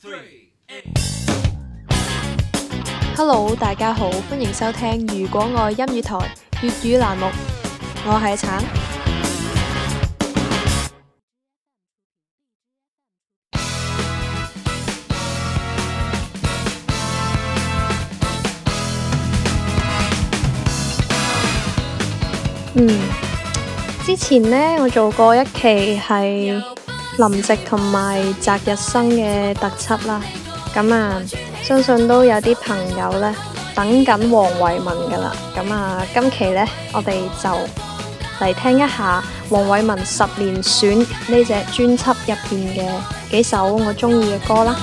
Three, Hello，大家好，歡迎收聽《如果愛》音悅台粵語欄目，我係橙。嗯，之前呢，我做過一期係，林夕同埋擇日生嘅特輯啦，咁啊，相信都有啲朋友呢等緊黃偉文噶啦，咁啊，今期呢我哋就嚟聽一下黃偉文十年選呢隻專輯入面嘅幾首我中意嘅歌啦。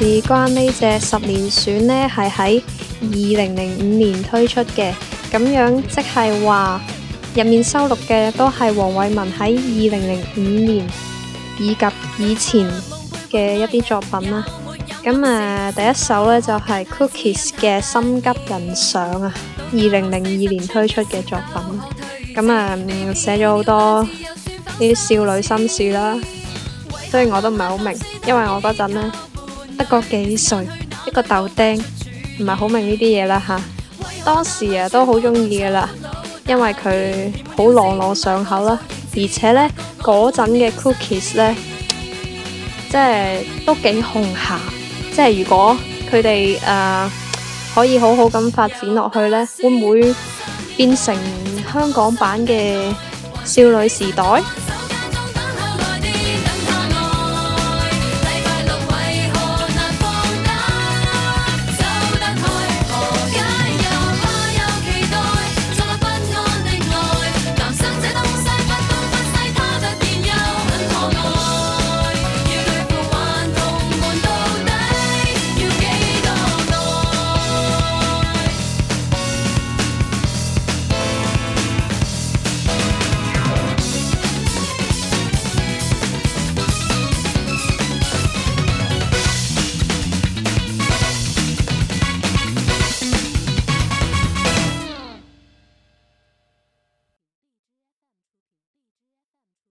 事關呢隻十年選呢，係喺二零零五年推出嘅，咁樣，即係話入面收錄嘅都係黃偉文喺二零零五年以及以前嘅一啲作品啦。咁啊、呃，第一首呢，就係 Cookies 嘅《心急人上》啊，二零零二年推出嘅作品。咁啊、呃，寫咗好多少女心事啦，雖然我都唔係好明白，因為我嗰陣咧。一個幾歲，一個豆丁，唔係好明呢啲嘢啦吓。當時啊，都好中意嘅啦，因為佢好朗朗上口啦，而且呢，那嗰陣嘅 Cookies 咧，即係都幾紅下。即係如果佢哋、呃、可以好好咁發展落去呢，會唔會變成香港版嘅少女時代？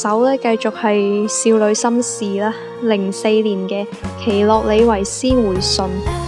首呢繼續係少女心事啦，零四年嘅奇洛李維斯回信。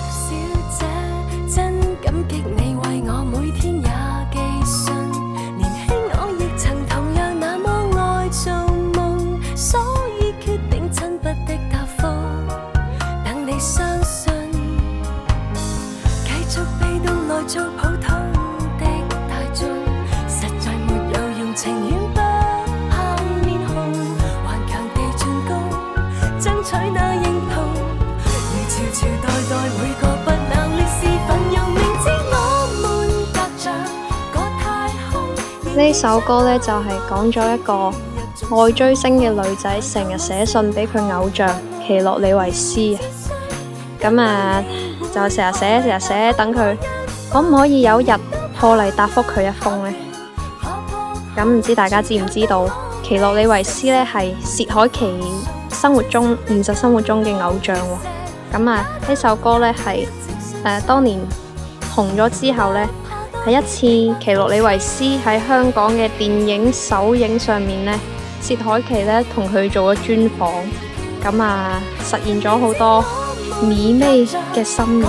呢首歌呢，就係講咗一個愛追星嘅女仔，成日寫信俾佢偶像奇洛里維斯啊！咁啊就成日寫，成日寫，等佢可唔可以有一日破例答覆佢一封呢？咁唔知大家知唔知道奇洛里維斯呢係薛凱琪生活中、現實生活中嘅偶像喎？咁啊，呢首歌呢，係誒、啊、當年紅咗之後呢。第一次《奇洛里維斯》喺香港嘅電影首映上面呢，薛凱琪咧同佢做咗專訪，咁啊實現咗好多美眉嘅心願。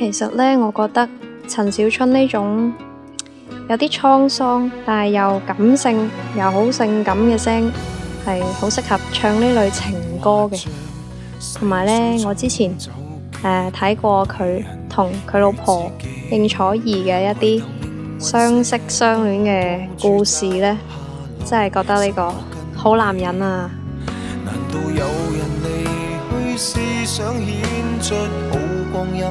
其實呢，我覺得陳小春呢種有啲滄桑，但係又感性又好性感嘅聲，係好適合唱呢類情歌嘅。同埋呢，我之前誒睇過佢同佢老婆應采兒嘅一啲相識相戀嘅故事呢，真係覺得呢個好男人啊！難道有人離去想顯出好光陰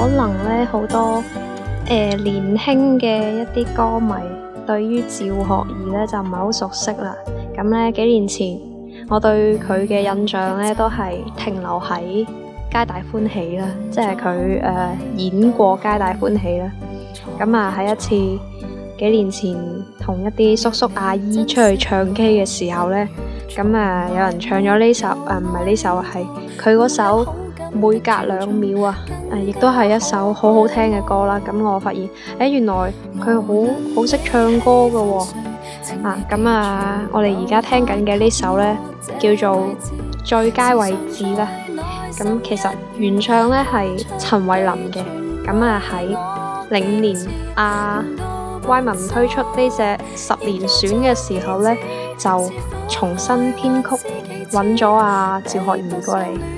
可能咧好多誒、呃、年輕嘅一啲歌迷對於趙學而咧就唔係好熟悉啦。咁咧幾年前我對佢嘅印象咧都係停留喺《皆大歡喜》啦，即係佢誒演過《皆大歡喜》啦。咁啊喺一次幾年前同一啲叔叔阿姨出去唱 K 嘅時候咧，咁啊有人唱咗呢首啊唔係呢首係佢嗰首。啊每隔兩秒啊，誒、啊，亦都係一首好好聽嘅歌啦。咁我發現，原來佢好好識唱歌噶喎、哦。啊，啊，我哋而家聽緊嘅呢首呢，叫做最佳位置啦。咁、啊、其實原唱咧係陳慧琳嘅。咁啊喺零五年啊，Y 文推出呢隻十年選嘅時候呢，就重新編曲找了、啊，揾咗啊趙學而過嚟。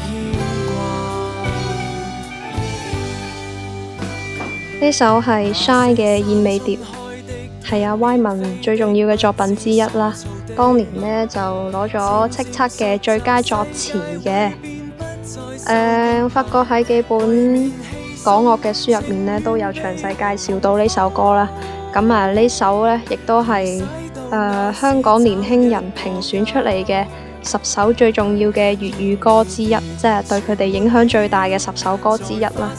呢首係 Shine 嘅《燕尾蝶》，係、啊、阿 Wyman 最重要嘅作品之一啦。當年呢，就攞咗叱咤嘅最佳作詞嘅、呃。我發覺喺幾本港樂嘅書入面咧都有詳細介紹到呢首歌啦。咁啊，呢首呢，亦都係誒香港年輕人評選出嚟嘅。十首最重要嘅粵語歌之一，即係對佢哋影響最大嘅十首歌之一啦。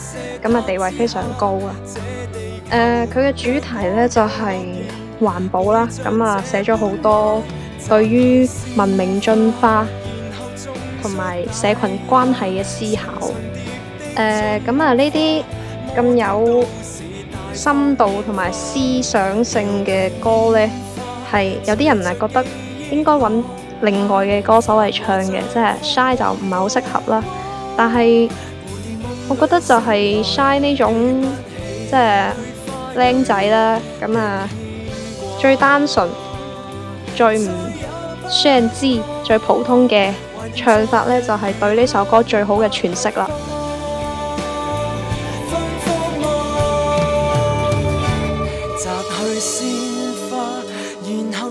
地位非常高啊。誒，佢嘅主題咧就係環保啦。咁啊寫咗好多對於文明進化同埋社群關係嘅思考。誒、呃，咁啊呢啲咁有深度同埋思想性嘅歌呢，係有啲人覺得應該揾另外嘅歌手嚟唱嘅，即係 Shine 就唔係好適合啦。但係我覺得就係 Shine 呢種即係靚仔啦，咁啊最單純，最唔需人知、最普通嘅唱法咧，就係、是、對呢首歌最好嘅詮釋啦。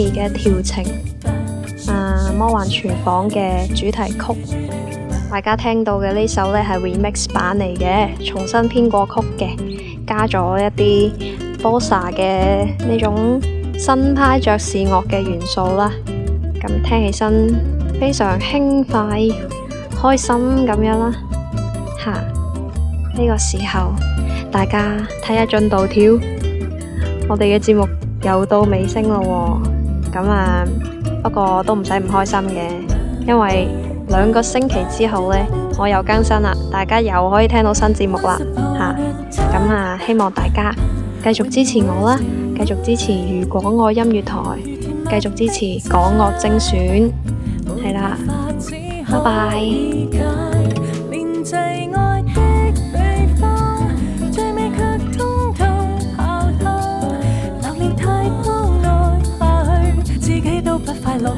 嘅調情，誒、啊，《魔幻廚房》嘅主題曲，大家聽到嘅呢首咧係 remix 版，嚟嘅，重新編過曲嘅，加咗一啲 bossa 嘅呢種新派爵士樂嘅元素啦，咁、啊、聽起身非常輕快、開心咁樣啦。吓、啊，呢、這個時候大家睇下進度條，我哋嘅節目又到尾聲咯。啊，不過都唔使唔開心嘅，因為兩個星期之後呢，我又更新啦，大家又可以聽到新節目啦，吓，啊，啊，希望大家繼續支持我啦，繼續支持如果愛音悅台，繼續支持港樂精選，係啦，拜拜。